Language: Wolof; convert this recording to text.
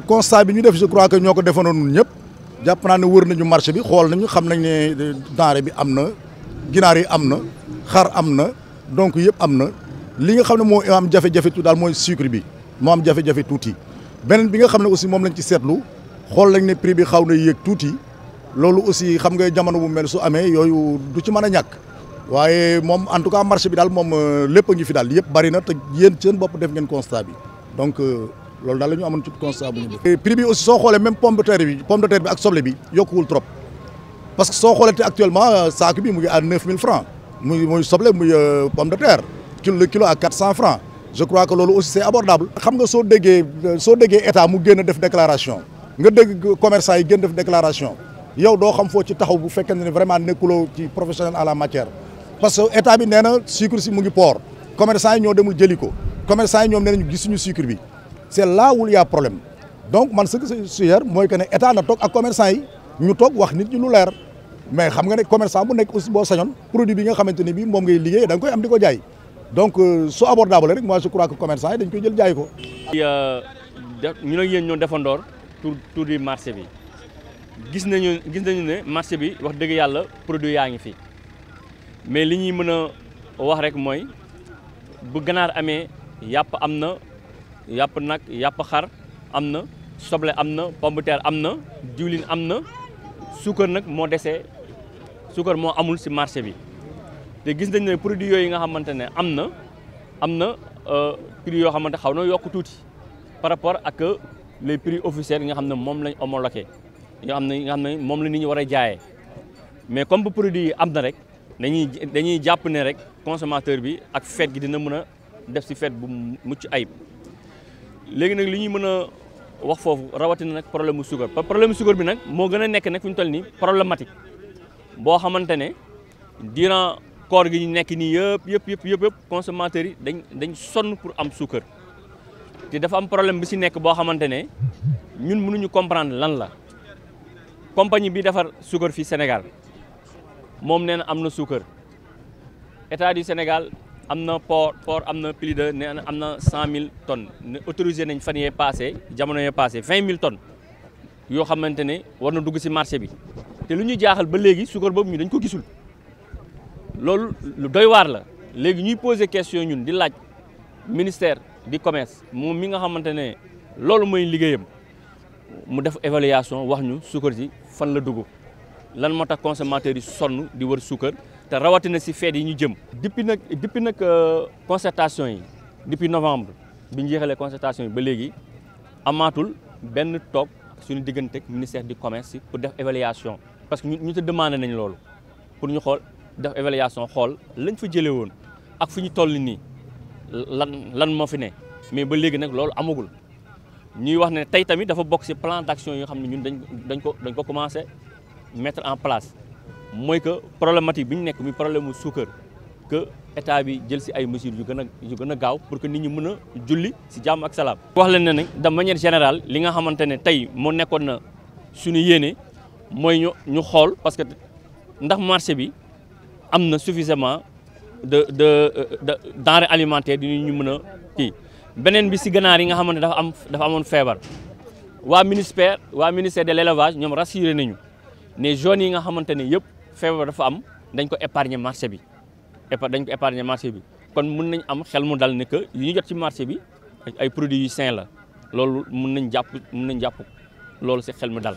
constat bi ñu def je crois que ñoo ko defandoo ñun ñëpp jàpp naa ne wër nañu marché bi xool nañu xam nañ ne euh, denrée bi am na ginaar yi am na xar am na donc yëpp am na li nga xam ne moo am jafe-jafe daal mooy sucre bi moo am jafe tuuti beneen bi nga xam ne aussi moom lañ ci seetlu xool nañ ne prix bi xaw na yéeg tuuti loolu aussi xam nga jamono bu mel su amee yooyu du ci mën a ñàkk waaye moom en tout cas marché bi daal moom euh, lépp a ngi fi daal yëpp bari na te yéen seen bopp def ngeen constat bi donc. Euh, loolu dal lañu ñu tout ci constat bu ñu def prix bi aussi so xolé même pomme de terre bi pomme de terre bi ak soble bi yokkuwul trop parce que so xolé té actuellement euh, sac bi mu ngi à 9000 francs muy muy soble muy euh, pomme de terre kilo le kilo à 400 francs je crois que lolou aussi c'est abordable. xam nga so déggee euh, so déggee état mu génn def déclaration nga dégg commerçant yi génn def déclaration yow do xam fo ci taxaw bu fekkene vraiment nekulo ci professionnel à la matière parce que état bi néna na sucre si mu ngi port commerçant yi ñoo demul jëliko commerçant yi ñoom nee nañu gisuñu sucre bi. c'est là où il a problème donc man ce que je suggère mooy que ne état na toog ak commerçant yi ñu toog wax nit ñi lu leer mais xam nga ne commerçant bu nekk aussi boo sañoon produit bi nga xamante ne bii moom ngay liggéey da nga koy am di ko jaay donc euh, su abordable rek moi je crois que commerçant yi dañ koy jël jaay ko. ñu ne yéen ñoo defandoor tour tour du marché bi gis nañu gis nañu ne marché bi wax dëgg yàlla produit yaa ngi fi mais li ñuy mën a wax rek mooy bu ganaar amee yàpp am na. yàpp nag yàpp xar am na soble am na pomme terre am na diwlin am na suukar nag moo dese suukar moo amul si marché bi te gis nañ ne produit yooyu nga xamante ne am na am na euh, prix yoo xamante xaw na yokk tuuti par rapport ak les prix officiels yi nga xam ne moom lañ homologué yoo xam ne nga xam ne moom la nit ñi war a jaayee mais comme bu produit yi am na rek dañuy dañuy jàpp ne rek consommateur bi ak fête gi dina mën a def si fête bu mucc ayib légui nak liñuy mëna wax fofu rawati nak problème sugar pa problème sugar bi nak mo gëna nek nak fuñ tolni problématique bo xamantene diran koor gi ñu nek ni yëpp yëpp yëpp yëpp consommateur yi dañ dañ son pour am sugar té dafa am problème bi ci nek bo xamantene ñun mënuñu comprendre lan la compagnie bi defar sugar fi Sénégal mom néna amna sugar état du Sénégal am na port port am na plus de nee na am na cent mille tonnes ne autorisé nañ fan yee passé jamono yee passé vingt mille ton yoo xamante ne war na dugg ci marché bi te lu ñuy jaaxal ba léegi suukar boobu ñu dañ ko gisul loolu lu doy waar la léegi ñuy poser question ñun di laaj ministère du commerce moom mi nga xamante ne loolu mooy liggéeyam mu def évaluation wax ñu suukar si fan la dugg lan moo tax consommateurs yi sonn di war suukar te rawatina ci feet yi ñu jëm. depuis nak depuis nak euh, concertation yi depuis novembre biñu ñu concertation yi ba légui amaatul benn toog suñu digënté ak ministère du commerce pour def évaluation parce que ñu ñu te demandé nañ loolu pour ñu xool def évaluation xool lañ fa jëlé woon ak fu ñu toll ni lan lan mo fi ne mais ba légui nak loolu amagul. ñuy wax ne tey tamit dafa bokk ci plan d'action yoo xam ne ñun dañ dañ ko dañ ko commencé mettre en place mooy que problématique bi ñu nekk muy problème mu suukar que état bi jël si ay mesures yu gën a gën a gaaw pour que ni ñu mën a julli si jàmm ak salaam. wax leen ne nag de manière générale li nga xamante ne tey moo nekkoon na suñu yéene mooy ñu ñu xool parce que ndax marché bi am na suffisament de de de denrées alimentaires ñu mën a kii. beneen bi si ganaar yi nga xamante dafa am dafa amoon feebar waa ministère waa ministère de l' ñoom rassuré nañu ne zones yi nga xamante ne yëpp. feebar dafa am dañ ko épargner marché bi épa dañ ko épargner marché bi kon mën nañ am xel mu dal ne que yu ñu jot ci marché bi ay produits yu sain la loolu mën nañ jàpp mën nañ jàpp loolu si xel mu dal